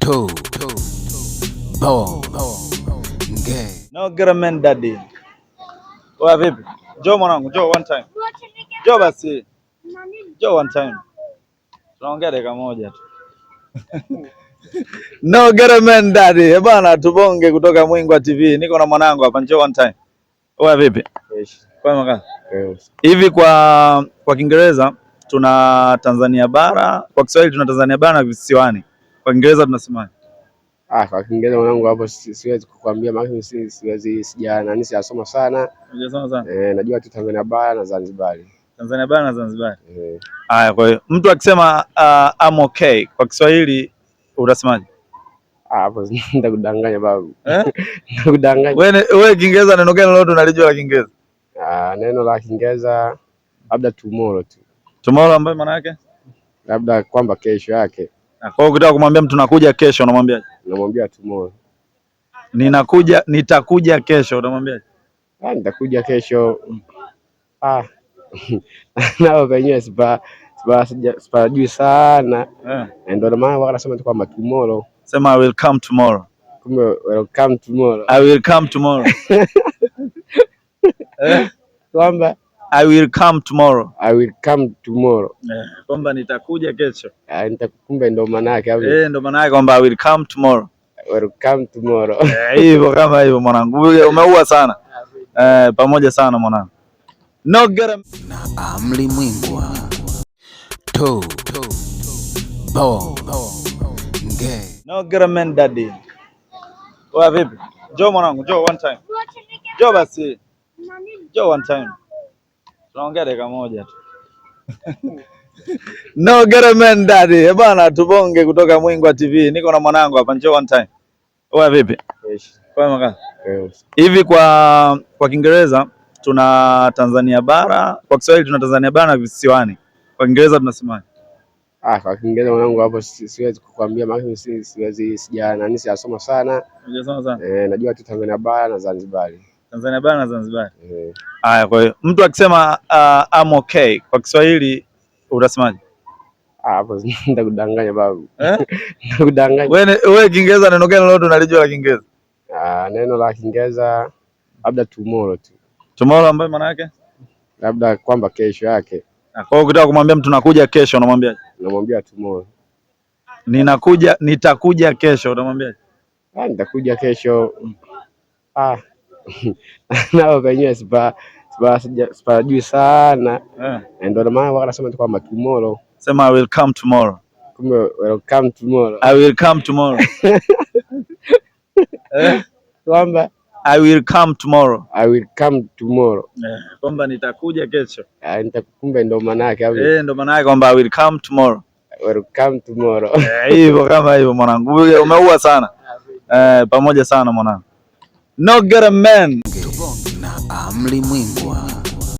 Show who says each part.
Speaker 1: toe, daddy. vipi? Njoo mwanangu, njoo one time. Njoo basi. Njoo one time. Tunaongea dakika moja tu. No daddy. Eh, bana tubonge kutoka Mwingwa TV. Niko na mwanangu hapa, njoo one time. vipi? hivi kwa kwa Kiingereza tuna Tanzania bara, kwa Kiswahili tuna Tanzania bara na visiwani. Kwa Kiingereza tunasemaje?
Speaker 2: Ah, kwa Kiingereza mwanangu hapo siwezi kukwambia maana siwezi sija nani sijasoma sana. Sijasoma sana. Eh, najua tu Tanzania bara na Zanzibar.
Speaker 1: Tanzania bara na Zanzibar. Eh. Haya, kwa hiyo mtu akisema uh, I'm okay kwa Kiswahili unasemaje?
Speaker 2: Ah, hapo nitakudanganya babu.
Speaker 1: Eh? Nitakudanganya. Wewe wewe Kiingereza neno gani lolote unalijua la Kiingereza?
Speaker 2: Ah, neno la Kiingereza labda tomorrow tu.
Speaker 1: Tomorrow ambayo maana yake?
Speaker 2: Labda kwamba kesho yake.
Speaker 1: Kwa hiyo ukitaka kumwambia mtu nakuja kesho unamwambiaje?
Speaker 2: Unamwambia tomorrow.
Speaker 1: Ninakuja, nitakuja kesho unamwambiaje?
Speaker 2: Ah, nitakuja kesho. Ah. Nao wenyewe sipa sipajui sana. Yeah. Ndio maana wao wanasema tu kwamba tomorrow.
Speaker 1: Sema I will come tomorrow.
Speaker 2: Kumbe will come tomorrow.
Speaker 1: I will come tomorrow.
Speaker 2: Eh? Kwamba
Speaker 1: I will come tomorrow.
Speaker 2: I will come tomorrow. Yeah.
Speaker 1: kwamba nitakuja kesho.
Speaker 2: Ah, nitakukumbe ndo maana yake
Speaker 1: Eh, ndo maana yake kwamba I will come tomorrow.
Speaker 2: I will come tomorrow.
Speaker 1: Eh, hivyo kama hivyo mwanangu. Umeua sana. Eh, pamoja sana mwanangu. No garam. Na amli Mwingwa. To. To. Bo. Nge. No garam daddy. Wa vipi? Jo mwanangu, jo one time. Jo basi. Jo one time. Tunaongea dakika moja tu. No get a man daddy. Eh, bwana tubonge kutoka Mwingwa TV. Niko na mwanangu hapa njoo one time. Wewe vipi? Yes. Kwa maana. Yes. hivi kwa kwa Kiingereza tuna Tanzania bara, kwa Kiswahili tuna Tanzania bara na visiwani. Kwa Kiingereza tunasema
Speaker 2: Ah, kwa Kiingereza mwanangu hapo siwezi kukwambia maana siwezi sija nani sijasoma sana. Sijasoma sana. Eh, najua tu Tanzania bara na Zanzibar.
Speaker 1: Tanzania bara na Zanzibar. Eh. Haya, kwa hiyo mtu akisema uh, I'm okay kwa Kiswahili utasemaje?
Speaker 2: Ah, hapo nitakudanganya babu.
Speaker 1: Eh?
Speaker 2: Nitakudanganya.
Speaker 1: Wewe wewe Kiingereza neno gani lolote unalijua la Kiingereza?
Speaker 2: Ah, neno la Kiingereza labda tomorrow tu.
Speaker 1: Tomorrow ambayo maana yake?
Speaker 2: Labda kwamba kesho yake.
Speaker 1: Na ah, Kwa hiyo ukitaka kumwambia mtu nakuja kesho unamwambia?
Speaker 2: Unamwambia tomorrow.
Speaker 1: Ninakuja nitakuja kesho unamwambia?
Speaker 2: Ah, nitakuja kesho. Ah, nao wenyewe sipajui sana yeah. Ndio maana wakasema kwamba tomorrow,
Speaker 1: sema I will come tomorrow,
Speaker 2: kumbe will come tomorrow,
Speaker 1: I will come tomorrow eh? kwamba I will come tomorrow.
Speaker 2: I will come tomorrow. Yeah,
Speaker 1: kwamba nitakuja kesho.
Speaker 2: Ah, nitakumbe ndo maana yake au?
Speaker 1: Eh, ndo maana yake kwamba I will come tomorrow.
Speaker 2: Welcome tomorrow.
Speaker 1: Eh, hivyo kama hivyo mwanangu. Umeua sana. Eh, pamoja sana mwanangu. No get a man. Na Amri Mwingwa.